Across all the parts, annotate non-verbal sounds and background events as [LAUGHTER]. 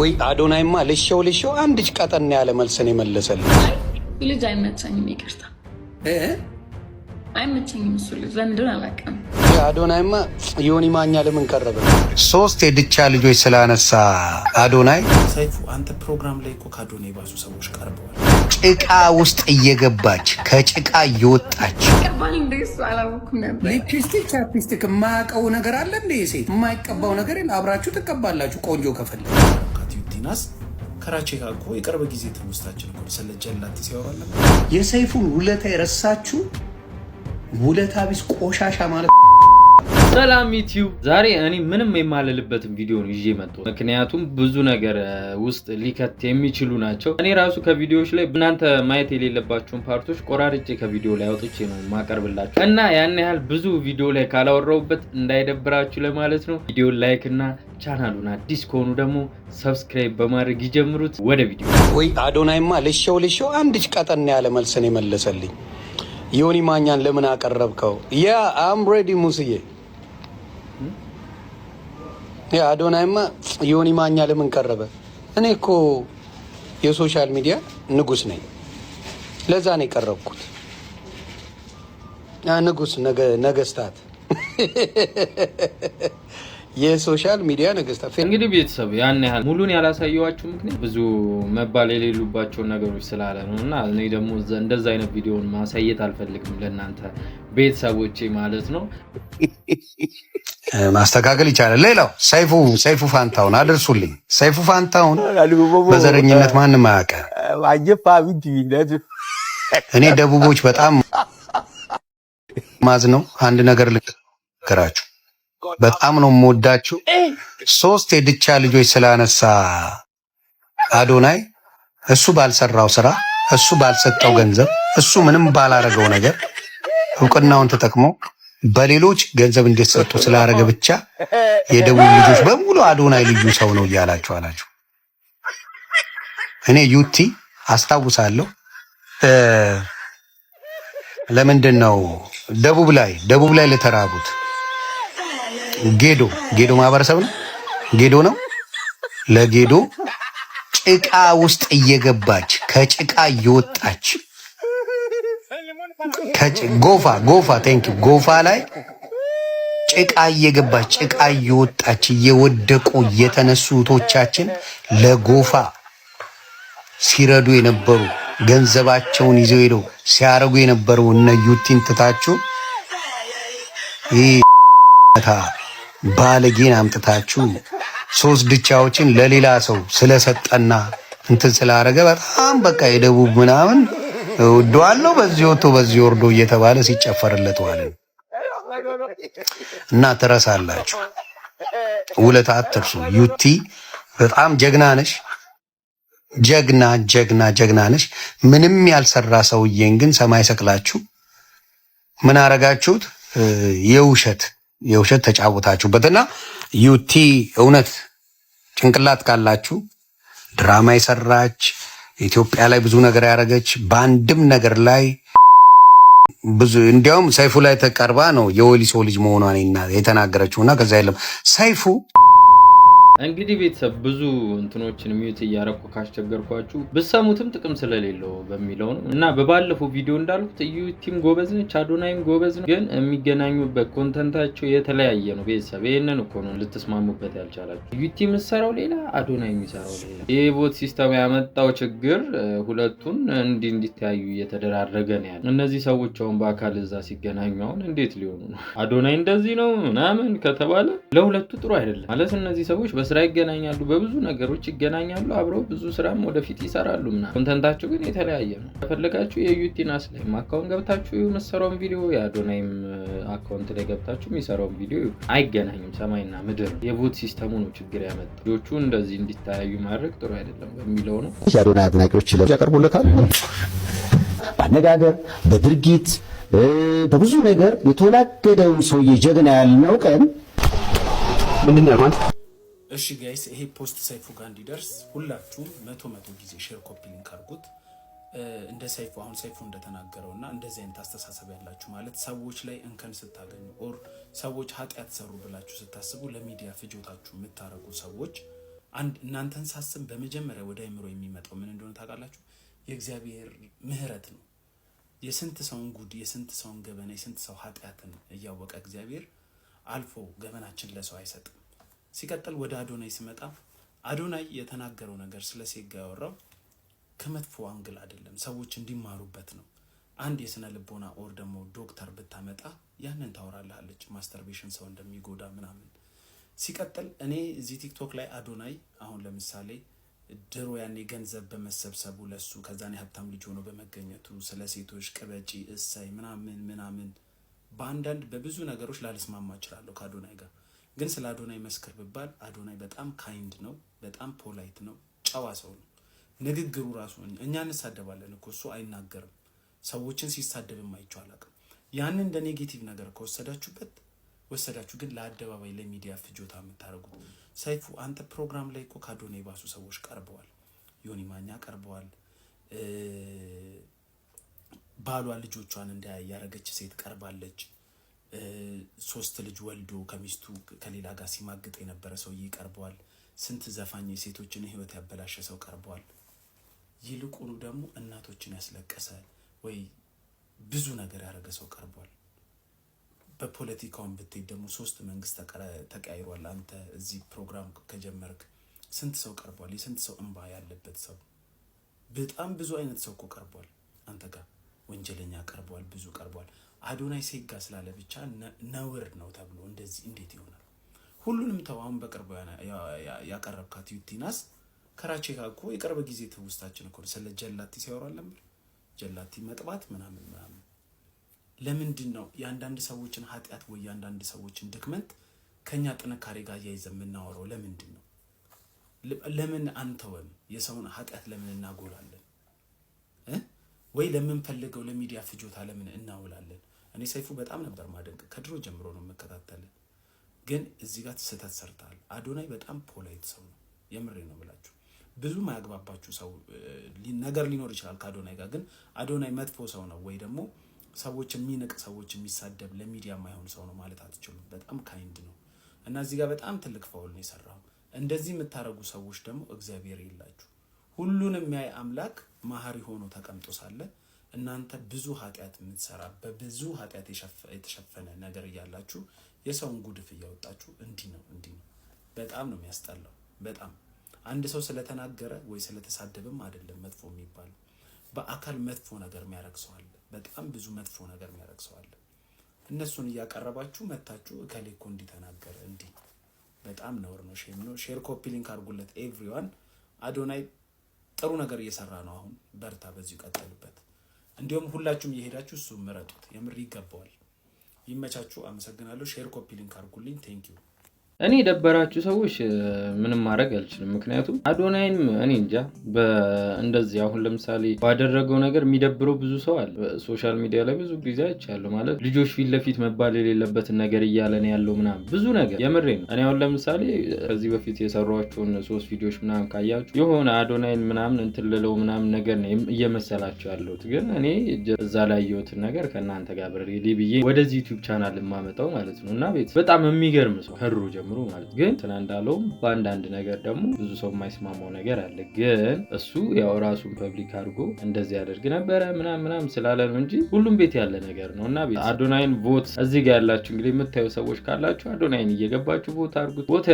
ወይ አዶናይማ ልሸው ልሸው አንድ እጅ ቀጠን ያለ መልስን የመለሰልኝ ልጅ አይመቸኝም፣ ይቅርታ አይመቸኝም። እሱ ልጅ ለምንድን አላውቅም። አዶናይማ ዮኒ ማኛ ለምን ቀረበ? ሶስት የድቻ ልጆች ስላነሳ አዶናይ ሰይፉ፣ አንተ ፕሮግራም ላይ እኮ ከአዶናይ ባሱ ሰዎች ቀርበዋል። ጭቃ ውስጥ እየገባች ከጭቃ እየወጣች ሊፕስቲክ ቻፕስቲክ የማያውቀው ነገር አለ እንደ ሴት የማይቀባው ነገር አብራችሁ ትቀባላችሁ ቆንጆ ከፈለ ናስ ከራቼ ጋር እኮ የቅርብ ጊዜ ትውስታችን እኮ ስለ ጀላቲ የሰይፉን ውለታ የረሳችሁ ውለታ ቢስ ቆሻሻ ማለት ሰላም ዩቲዩብ፣ ዛሬ እኔ ምንም የማልልበትን ቪዲዮ ነው ይዤ መጣሁ። ምክንያቱም ብዙ ነገር ውስጥ ሊከት የሚችሉ ናቸው። እኔ ራሱ ከቪዲዮዎች ላይ እናንተ ማየት የሌለባቸውን ፓርቶች ቆራርጬ ከቪዲዮ ላይ አውጥቼ ነው የማቀርብላቸው እና ያን ያህል ብዙ ቪዲዮ ላይ ካላወራሁበት እንዳይደብራችሁ ለማለት ነው። ቪዲዮ ላይክ እና ቻናሉን አዲስ ከሆኑ ደግሞ ሰብስክራይብ በማድረግ ይጀምሩት። ወደ ቪዲዮ ወይ አዶናይማ ልሸው ልሸው አንድ ቀጠና ያለ መልስን የመለሰልኝ ዮኒ ማኛን ለምን አቀረብከው? ያ አምሬዲ ሙስዬ አዶናይማ ዮኒ ማኛ ለምን ቀረበ? እኔ እኮ የሶሻል ሚዲያ ንጉስ ነኝ። ለዛ ነው የቀረብኩት። ንጉስ ነገስታት [LAUGHS] የሶሻል ሚዲያ ነገስታት እንግዲህ ቤተሰብ ያን ያህል ሙሉን ያላሳየዋችሁ ምክንያት ብዙ መባል የሌሉባቸውን ነገሮች ስላለ ነው እና እኔ ደግሞ እንደዛ አይነት ቪዲዮን ማሳየት አልፈልግም ለእናንተ ቤተሰቦቼ ማለት ነው። [LAUGHS] ማስተካከል ይቻላል። ሌላው ሰይፉ ሰይፉ ፋንታውን አድርሱልኝ። ሰይፉ ፋንታውን በዘረኝነት ማንም አያውቅም። እኔ ደቡቦች በጣም ማዝ ነው። አንድ ነገር ልንገራችሁ በጣም ነው የምወዳችሁ። ሶስት የድቻ ልጆች ስላነሳ አዶናይ እሱ ባልሰራው ስራ፣ እሱ ባልሰጠው ገንዘብ፣ እሱ ምንም ባላረገው ነገር እውቅናውን ተጠቅሞ በሌሎች ገንዘብ እንዲሰጡ ስላረገ ብቻ የደቡብ ልጆች በሙሉ አዶናይ ልዩ ሰው ነው እያላችሁ አላችሁ። እኔ ዩቲ አስታውሳለሁ። ለምንድን ነው ደቡብ ላይ ደቡብ ላይ ለተራቡት ጌዶ ጌዶ ማህበረሰብ ነው። ጌዶ ነው። ለጌዶ ጭቃ ውስጥ እየገባች ከጭቃ እየወጣች ጎፋ ጎፋ ቴንክ ጎፋ ላይ ጭቃ እየገባች ጭቃ እየወጣች እየወደቁ እየተነሱ እህቶቻችን ለጎፋ ሲረዱ የነበሩ ገንዘባቸውን ይዘው ሄደው ሲያረጉ የነበሩ እነ ዩቲን ትታችሁ ይህ ባለጌን አምጥታችሁ ሶስት ድቻዎችን ለሌላ ሰው ስለሰጠና እንትን ስላረገ በጣም በቃ የደቡብ ምናምን እወደዋለሁ በዚህ ወጥቶ በዚህ ወርዶ እየተባለ ሲጨፈርለት ዋለ እና ትረሳላችሁ። ውለታ አትርሱ። ዩቲ በጣም ጀግና ነሽ። ጀግና ጀግና ጀግና ነሽ። ምንም ያልሰራ ሰውዬን ግን ሰማይ ሰቅላችሁ ምን አረጋችሁት? የውሸት የውሸት ተጫወታችሁበትና ዩቲ እውነት ጭንቅላት ካላችሁ ድራማ የሰራች ኢትዮጵያ ላይ ብዙ ነገር ያደረገች በአንድም ነገር ላይ ብዙ እንዲያውም ሰይፉ ላይ ተቀርባ ነው የወሊሶ ልጅ መሆኗን እና ከዛ የለም ሰይፉ እንግዲህ ቤተሰብ ብዙ እንትኖችን ሚዩት እያረኩ ካስቸገርኳችሁ ብሰሙትም ጥቅም ስለሌለው በሚለው ነው እና በባለፈው ቪዲዮ እንዳልኩት ዩቲም ጎበዝ ነች፣ አዶናይም ጎበዝ ነው። ግን የሚገናኙበት ኮንተንታቸው የተለያየ ነው። ቤተሰብ ይህንን እኮ ነው ልትስማሙበት ያልቻላችሁ። ዩቲ የምሰራው ሌላ፣ አዶናይ የሚሰራው ሌላ። ይህ ቦት ሲስተም ያመጣው ችግር ሁለቱን እንዲ እንዲተያዩ እየተደራረገ ነው ያለ። እነዚህ ሰዎች አሁን በአካል እዛ ሲገናኙ አሁን እንዴት ሊሆኑ ነው? አዶናይ እንደዚህ ነው ምናምን ከተባለ ለሁለቱ ጥሩ አይደለም ማለት እነዚህ ሰዎች በስራ ይገናኛሉ፣ በብዙ ነገሮች ይገናኛሉ። አብረው ብዙ ስራም ወደፊት ይሰራሉ ምናምን። ኮንተንታችሁ ግን የተለያየ ነው። ከፈለጋችሁ የዩቲናስ ላይም አካውንት ገብታችሁ የምትሰራውን ቪዲዮ የአዶናይም አካውንት ላይ ገብታችሁ የሚሰራውን ቪዲዮ አይገናኝም። ሰማይና ምድር የቦት ሲስተሙ ነው ችግር ያመጣ። ልጆቹ እንደዚህ እንዲታያዩ ማድረግ ጥሩ አይደለም በሚለው ነው የአዶናይ አድናቂዎች ያቀርቡለታል። በአነጋገር በድርጊት በብዙ ነገር የተወላገደውን ሰውዬ ጀግና ያልነው ቀን ምንድን ነው ማለት እሺ ጋይስ ይሄ ፖስት ሰይፉ ጋር እንዲደርስ ሁላችሁም መቶ መቶ ጊዜ ሼር ኮፒ ሊንክ አድርጉት። እንደ ሰይፉ አሁን ሰይፉ እንደተናገረው እና እንደዚህ አይነት አስተሳሰብ ያላችሁ ማለት ሰዎች ላይ እንከን ስታገኙ ኦር ሰዎች ኃጢአት ሰሩ ብላችሁ ስታስቡ ለሚዲያ ፍጆታችሁ የምታረጉ ሰዎች አንድ እናንተን ሳስብ በመጀመሪያ ወደ አይምሮ የሚመጣው ምን እንደሆነ ታውቃላችሁ? የእግዚአብሔር ምሕረት ነው። የስንት ሰውን ጉድ፣ የስንት ሰውን ገበና፣ የስንት ሰው ኃጢአትን እያወቀ እግዚአብሔር አልፎ ገበናችን ለሰው አይሰጥም። ሲቀጥል ወደ አዶናይ ሲመጣ አዶናይ የተናገረው ነገር ስለ ሴጋ ያወራው ከመጥፎ አንግል አይደለም፣ ሰዎች እንዲማሩበት ነው። አንድ የስነ ልቦና ኦር ደግሞ ዶክተር ብታመጣ ያንን ታወራልሃለች፣ ማስተርቤሽን ሰው እንደሚጎዳ ምናምን። ሲቀጥል እኔ እዚህ ቲክቶክ ላይ አዶናይ አሁን ለምሳሌ ድሮ ያኔ ገንዘብ በመሰብሰቡ ለሱ ከዛኔ ሀብታም ልጅ ሆኖ በመገኘቱ ስለ ሴቶች ቅበጪ እሳይ ምናምን ምናምን በአንዳንድ በብዙ ነገሮች ላልስማማ እችላለሁ ከአዶናይ ጋር ግን ስለ አዶናይ መስክር ብባል አዶናይ በጣም ካይንድ ነው፣ በጣም ፖላይት ነው፣ ጨዋ ሰው ነው። ንግግሩ ራሱ እኛ እንሳደባለን እኮ እሱ አይናገርም። ሰዎችን ሲሳደብም አይቼው አላውቅም። ያንን እንደ ኔጌቲቭ ነገር ከወሰዳችሁበት ወሰዳችሁ። ግን ለአደባባይ ለሚዲያ ፍጆታ የምታደርጉት ሰይፉ፣ አንተ ፕሮግራም ላይ እኮ ከአዶናይ የባሱ ሰዎች ቀርበዋል። ዮኒ ማኛ ቀርበዋል። ባሏ ልጆቿን እንዳያረገች ሴት ቀርባለች። ሶስት ልጅ ወልዶ ከሚስቱ ከሌላ ጋር ሲማግጥ የነበረ ሰውዬ ቀርበዋል። ስንት ዘፋኝ የሴቶችን ህይወት ያበላሸ ሰው ቀርበዋል። ይልቁኑ ደግሞ እናቶችን ያስለቀሰ ወይ ብዙ ነገር ያደረገ ሰው ቀርቧል። በፖለቲካውን ብትሄድ ደግሞ ሶስት መንግስት ተቀያይሯል። አንተ እዚህ ፕሮግራም ከጀመርክ ስንት ሰው ቀርቧል። የስንት ሰው እንባ ያለበት ሰው በጣም ብዙ አይነት ሰው እኮ ቀርቧል። አንተ ጋር ወንጀለኛ ቀርቧል፣ ብዙ ቀርቧል። አዶናይ ሴጋ ስላለ ብቻ ነውር ነው ተብሎ እንደዚህ እንዴት ይሆናል? ሁሉንም ተው። አሁን በቅርቡ ያቀረብካት ዩቲናስ ከራቼ ጋር እኮ የቅርብ ጊዜ ትውስታችን እኮ ስለ ጀላቲ ሲያወራል ነበር። ጀላቲ መጥባት ምናምን ምናምን። ለምንድን ነው የአንዳንድ ሰዎችን ኃጢአት ወይ የአንዳንድ ሰዎችን ድክመት ከኛ ጥንካሬ ጋር ያይዘ የምናወራው? ለምንድን ነው ለምን አንተወም? የሰውን ኃጢአት ለምን እናጎላለን? ወይ ለምንፈልገው ለሚዲያ ፍጆታ ለምን እናውላለን? እኔ ሰይፉ በጣም ነበር ማደንቅ፣ ከድሮ ጀምሮ ነው የምከታተል። ግን እዚህ ጋር ስህተት ሰርተሃል። አዶናይ በጣም ፖላይት ሰው ነው። የምሬ ነው ብላችሁ ብዙ ማያግባባችሁ ሰው ነገር ሊኖር ይችላል ከአዶናይ ጋር። ግን አዶናይ መጥፎ ሰው ነው ወይ ደግሞ ሰዎች የሚንቅ ሰዎች የሚሳደብ ለሚዲያ የማይሆን ሰው ነው ማለት አትችሉም። በጣም ካይንድ ነው እና እዚህ ጋር በጣም ትልቅ ፋውል ነው የሰራው። እንደዚህ የምታደርጉ ሰዎች ደግሞ እግዚአብሔር የላችሁ። ሁሉንም የሚያይ አምላክ መሀሪ ሆኖ ተቀምጦ ሳለ እናንተ ብዙ ኃጢአት የምትሰራ በብዙ ኃጢአት የተሸፈነ ነገር እያላችሁ የሰውን ጉድፍ እያወጣችሁ እንዲህ ነው እንዲህ ነው። በጣም ነው የሚያስጠላው። በጣም አንድ ሰው ስለተናገረ ወይ ስለተሳደበም አይደለም መጥፎ የሚባል በአካል መጥፎ ነገር የሚያረግ ሰው አለ። በጣም ብዙ መጥፎ ነገር የሚያረግ ሰው አለ። እነሱን እያቀረባችሁ መታችሁ እከሌ እኮ እንዲህ ተናገረ እንዲህ። በጣም ነውር ነው፣ ሼም ነው። ሼር ኮፒ ሊንክ አድርጉለት ኤቭሪዋን። አዶናይ ጥሩ ነገር እየሰራ ነው። አሁን በርታ፣ በዚሁ ቀጠልበት። እንዲሁም ሁላችሁም እየሄዳችሁ እሱ ምረጡት። የምር ይገባዋል። ይመቻችሁ። አመሰግናለሁ። ሼር ኮፒ ሊንክ አድርጉልኝ። ቴንኪዩ እኔ የደበራችሁ ሰዎች ምንም ማድረግ አልችልም። ምክንያቱም አዶናይም እኔ እንጃ እንደዚህ አሁን ለምሳሌ ባደረገው ነገር የሚደብረው ብዙ ሰው አለ። ሶሻል ሚዲያ ላይ ብዙ ጊዜ አይቻለሁ። ማለት ልጆች ፊት ለፊት መባል የሌለበትን ነገር እያለን ያለው ምናምን ብዙ ነገር የምሬ ነው። እኔ አሁን ለምሳሌ ከዚህ በፊት የሰሯቸውን ሶስት ቪዲዮዎች ምናምን ካያችሁ የሆነ አዶናይን ምናምን እንትልለው ልለው ምናምን ነገር ነው እየመሰላቸው ያለሁት። ግን እኔ እዛ ላይ ያየሁትን ነገር ከእናንተ ጋር ብሬ ብዬ ወደዚህ ዩቲዩብ ቻናል የማመጣው ማለት ነው እና ቤት በጣም የሚገርም ሰው ከድሮ ጀምሮ ጀምሮ ማለት ግን እንትና እንዳለውም በአንዳንድ ነገር ደግሞ ብዙ ሰው የማይስማማው ነገር አለ። ግን እሱ ያው ራሱን ፐብሊክ አድርጎ እንደዚህ ያደርግ ነበረ ምናም ምናም ስላለ ነው እንጂ ሁሉም ቤት ያለ ነገር ነው እና አዶናይን ቮት እዚህ ጋር ያላችሁ እንግዲህ የምታዩ ሰዎች ካላችሁ አዶናይን እየገባችሁ ቦት አድርጉት። ቦት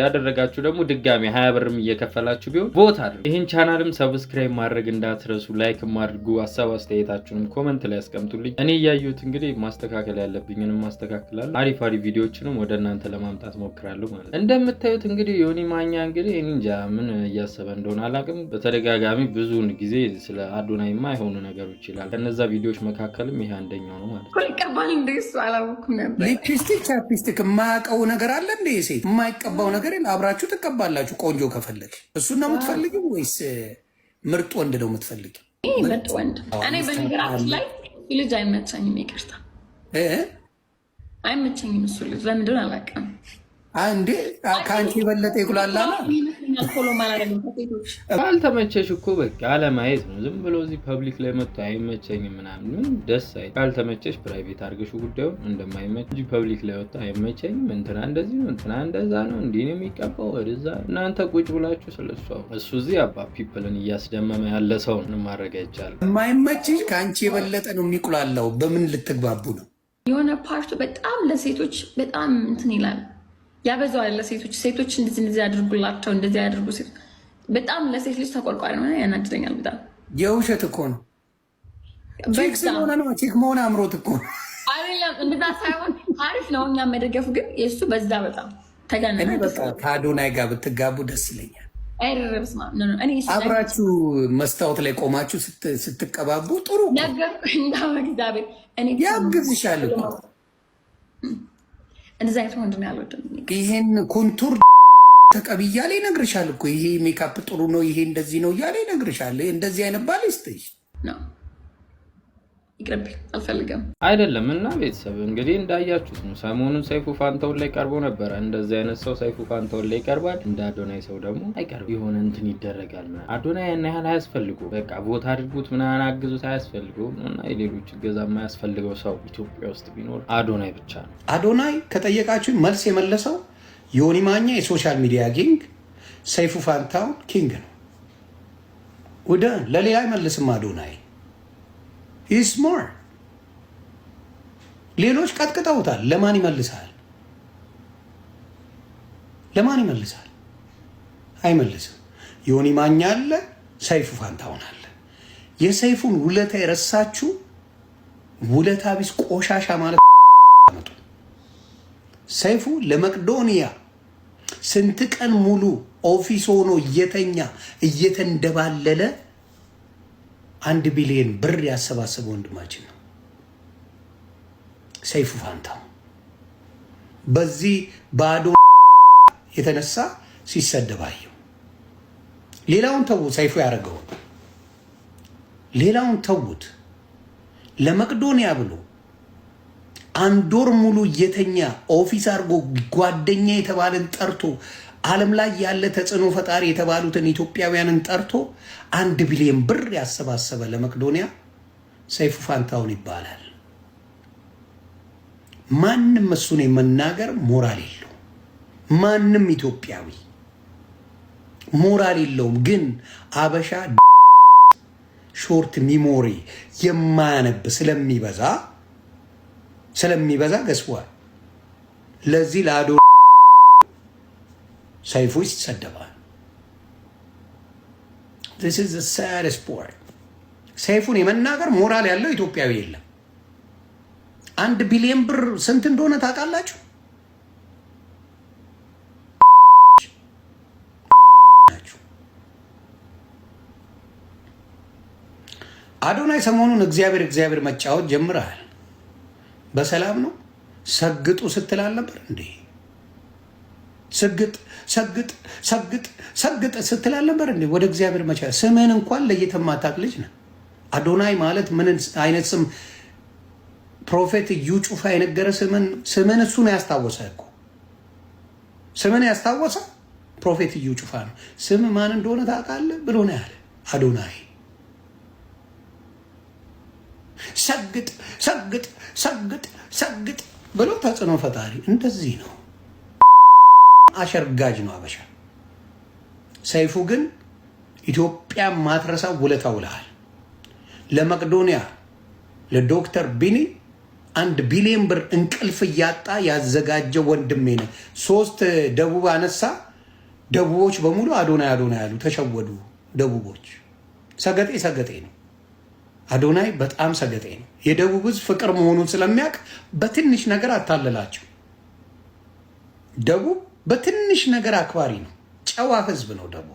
ያደረጋችሁ ደግሞ ድጋሚ ሀያ ብርም እየከፈላችሁ ቢሆን ቦት አድርጉ። ይህን ቻናልም ሰብስክራይብ ማድረግ እንዳትረሱ፣ ላይክ አድርጉ። ሀሳብ አስተያየታችሁንም ኮመንት ላይ ያስቀምጡልኝ። እኔ እያየሁት እንግዲህ ማስተካከል ያለብኝንም ማስተካከላለሁ። አሪፍ አሪፍ ቪዲዮዎችንም ወደ እናንተ ለማምጣት ሞክራለሁ ማለት ነው። እንደምታዩት እንግዲህ ዮኒ ማኛ እንግዲህ እኔ እንጃ ምን እያሰበ እንደሆነ አላውቅም። በተደጋጋሚ ብዙውን ጊዜ ስለ አዶናይ የሆኑ ነገሮች ይላል። ከነዛ ቪዲዮዎች መካከልም ይሄ አንደኛው ነው ማለት ነው። ይቀባል እንደ እሱ አላወኩም ነበር። ሊፕስቲክ ቻፕስቲክ የማያውቀው ነገር አለ እንደ ሴት የማይቀባው ነገር አብራችሁ ትቀባላችሁ። ቆንጆ ከፈለግ እሱን ነው የምትፈልጊው ወይስ ምርጥ ወንድ ነው የምትፈልጊው? ምርጥ ወንድ። እኔ በነገራችን ላይ ልጅ አይመቸኝም፣ ይቅርታ አይመቸኝም። እሱ ልጅ ለምንድን አላውቅም አንዴ ከአንቺ የበለጠ ይጉላላ ካልተመቸሽ እኮ በቃ አለማየት ነው። ዝም ብሎ እዚህ ፐብሊክ ላይ መጥቶ አይመቸኝም ምናምን ደስ አይ ካልተመቸሽ ፕራይቬት አድርገሽ ጉዳዩን እንደማይመች እንጂ ፐብሊክ ላይ ወጥቶ አይመቸኝም እንትና እንደዚህ ነው እንትና እንደዛ ነው እንዲህ የሚቀባው ወደዛ እናንተ ቁጭ ብላችሁ ስለሷ እሱ እዚህ አባ ፒፕልን እያስደመመ ያለ ሰው ማድረግ አይቻልም። የማይመችሽ ከአንቺ የበለጠ ነው የሚቁላለው። በምን ልትግባቡ ነው? የሆነ ፓርቱ በጣም ለሴቶች በጣም እንትን ይላል ያበዛዋል ለሴቶች ሴቶች እንደዚህ እንደዚህ ያድርጉላቸው እንደዚህ ያደርጉ ሴቶች በጣም ለሴት ልጅ ተቆርቋሪ ሆነ ያናድደኛል። በጣም የውሸት እኮ ነው። ስለሆነ ነው ቼክ መሆን አምሮት እኮ አይደለም። እንደዛ ሳይሆን አሪፍ ነው እኛ መደገፉ፣ ግን የእሱ በዛ በጣም ተጋነ። ከአዶናይ ጋር ብትጋቡ ደስ ይለኛል። አብራችሁ መስታወት ላይ ቆማችሁ ስትቀባቡ ጥሩ ነገር ያግዝሻል እኮ እንደዚህ አይነት ወንድ ነው ያልወደም። ይሄን ኮንቱር ተቀብያ እያለ ይነግርሻል እኮ ይሄ ሜካፕ ጥሩ ነው፣ ይሄ እንደዚህ ነው እያለ ይነግርሻል። እንደዚህ አይነት ባል ይስጥሽ ነው ይቅርብኝ አልፈልገም። አይደለም እና ቤተሰብ እንግዲህ እንዳያችሁት ነው። ሰሞኑን ሰይፉ ፋንታውን ላይ ቀርቦ ነበረ። እንደዚህ አይነት ሰው ሰይፉ ፋንታውን ላይ ይቀርባል፣ እንደ አዶናይ ሰው ደግሞ አይቀርብ። የሆነ እንትን ይደረጋል። አዶናይ ያን ያህል አያስፈልጉም። በቃ ቦታ አድርጉት ምናምን አግዙት፣ አያስፈልገውም እና የሌሎች እገዛ የማያስፈልገው ሰው ኢትዮጵያ ውስጥ ቢኖር አዶናይ ብቻ ነው። አዶናይ ከጠየቃችሁ መልስ የመለሰው ዮኒ ማኛ የሶሻል ሚዲያ ኪንግ፣ ሰይፉ ፋንታውን ኪንግ ነው። ወደ ለሌላ አይመልስም አዶናይ ኢዝ ሞር ሌሎች ቀጥቅጠውታል። ለማን ይመልሳል? ለማን ይመልሳል? አይመልስም። ዮኒ ማኛ አለ፣ ሰይፉ ፋንታሁን አለ። የሰይፉን ውለታ የረሳችሁ ውለታ ቢስ ቆሻሻ ማለት መጡ። ሰይፉ ለመቅዶኒያ ስንት ቀን ሙሉ ኦፊስ ሆኖ እየተኛ እየተንደባለለ አንድ ቢሊዮን ብር ያሰባሰበ ወንድማችን ነው ሰይፉ ፋንታው። በዚህ ባዶ የተነሳ ሲሰደባየው ሌላውን ተዉት፣ ሰይፉ ያደረገውን ሌላውን ተዉት። ለመቅዶንያ ብሎ አንድ ወር ሙሉ እየተኛ ኦፊስ አድርጎ ጓደኛ የተባለን ጠርቶ ዓለም ላይ ያለ ተጽዕኖ ፈጣሪ የተባሉትን ኢትዮጵያውያንን ጠርቶ አንድ ቢሊዮን ብር ያሰባሰበ ለመቅዶንያ ሰይፉ ፋንታውን ይባላል። ማንም እሱን የመናገር ሞራል የለው። ማንም ኢትዮጵያዊ ሞራል የለውም። ግን አበሻ ሾርት ሚሞሪ የማያነብ ስለሚበዛ ስለሚበዛ ገስቧል። ለዚህ ለአዶ ሰይፉ ይሰደባል። ሰይፉን የመናገር ሞራል ያለው ኢትዮጵያዊ የለም። አንድ ቢሊዮን ብር ስንት እንደሆነ ታውቃላችሁ? አዶናይ ሰሞኑን እግዚአብሔር እግዚአብሔር መጫወት ጀምረሃል። በሰላም ነው። ሰግጡ ስትል አልነበር እንዴ? ሰግጥ ሰግጥ ሰግጥ ሰግጥ ስትል አልነበር እንዴ? ወደ እግዚአብሔር መቻ ስምህን እንኳን ለየት የማታውቅ ልጅ ነህ። አዶናይ ማለት ምን አይነት ስም ፕሮፌት እዩ ጩፋ የነገረ ስምን ስምን እሱ ነው ያስታወሰ እኮ ስምን ያስታወሰ ፕሮፌት እዩ ጩፋ ነው። ስም ማን እንደሆነ ታውቃለህ ብሎ ነው ያለ አዶናይ ሰግጥ ሰግጥ ሰግጥ ሰግጥ ብሎ ተጽዕኖ ፈጣሪ እንደዚህ ነው። አሸርጋጅ ነው አበሻ። ሰይፉ ግን ኢትዮጵያ ማትረሳ ውለታ ውለሃል። ለመቅዶኒያ ለዶክተር ቢኒ አንድ ቢሊዮን ብር እንቅልፍ እያጣ ያዘጋጀው ወንድሜ ነው። ሶስት ደቡብ አነሳ። ደቡቦች በሙሉ አዶና አዶና ያሉ ተሸወዱ። ደቡቦች ሰገጤ ሰገጤ ነው። አዶናይ በጣም ሰገጤ ነው። የደቡብ ህዝብ ፍቅር መሆኑን ስለሚያውቅ በትንሽ ነገር አታለላቸው። ደቡብ በትንሽ ነገር አክባሪ ነው፣ ጨዋ ህዝብ ነው። ደቡብ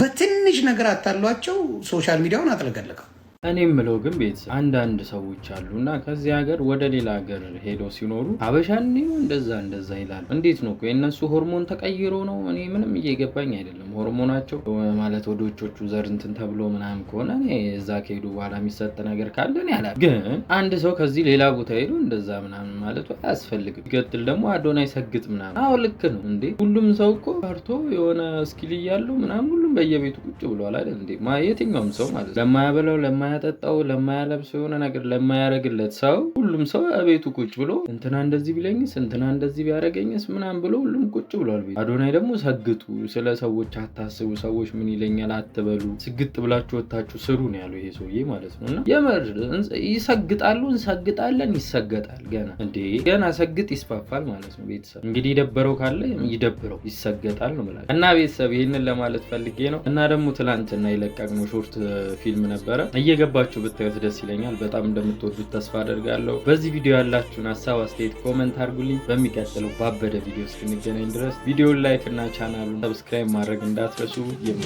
በትንሽ ነገር አታሏቸው። ሶሻል ሚዲያውን አጥለቀለቀው። እኔ የምለው ግን ቤተሰብ አንዳንድ ሰዎች አሉ እና ከዚህ ሀገር ወደ ሌላ ሀገር ሄደው ሲኖሩ ሀበሻን እንደዛ እንደዛ ይላሉ። እንዴት ነው የእነሱ ሆርሞን ተቀይሮ ነው? እኔ ምንም እየገባኝ አይደለም። ሆርሞናቸው ማለት ወዶቾቹ ዘር እንትን ተብሎ ምናምን ከሆነ እኔ እዛ ከሄዱ በኋላ የሚሰጥ ነገር ካለ እኔ ግን አንድ ሰው ከዚህ ሌላ ቦታ ሄዶ እንደዛ ምናምን ማለቱ አያስፈልግም። ይቀጥል ደግሞ አዶናይ ሰግጥ ምናምን። አዎ ልክ ነው እንዴ ሁሉም ሰው እኮ ፈርቶ የሆነ እስኪል እያሉ ምናምን በየቤቱ ቁጭ ብሏል አይደል እንዴ? የትኛውም ሰው ማለት ለማያበላው፣ ለማያጠጣው፣ ለማያለብሰው የሆነ ነገር ለማያደርግለት ሰው ሁሉም ሰው ቤቱ ቁጭ ብሎ እንትና እንደዚህ ቢለኝስ እንትና እንደዚህ ቢያደርገኝስ ምናምን ብሎ ሁሉም ቁጭ ብሏል። አዶናይ ደግሞ ሰግጡ፣ ስለ ሰዎች አታስቡ፣ ሰዎች ምን ይለኛል አትበሉ፣ ስግጥ ብላችሁ ወታችሁ ስሩ ነው ያለው ይሄ ሰውዬ ማለት ነው። እና የምር ይሰግጣሉ፣ እንሰግጣለን፣ ይሰገጣል። ገና እንዴ ገና ሰግጥ ይስፋፋል ማለት ነው። ቤተሰብ እንግዲህ ይደበረው ካለ ይደብረው፣ ይሰገጣል ነው ብላል እና ቤተሰብ ይህንን ለማለት ፈልጌ ብዬ ነው እና ደግሞ ትላንትና የለቀቅነው ሾርት ፊልም ነበረ። እየገባችሁ ብታዩት ደስ ይለኛል። በጣም እንደምትወዱት ተስፋ አደርጋለሁ። በዚህ ቪዲዮ ያላችሁን ሀሳብ፣ አስተያየት ኮመንት አድርጉልኝ። በሚቀጥለው ባበደ ቪዲዮ እስክንገናኝ ድረስ ቪዲዮን ላይክ እና ቻናሉን ሰብስክራይብ ማድረግ እንዳትረሱ የሚ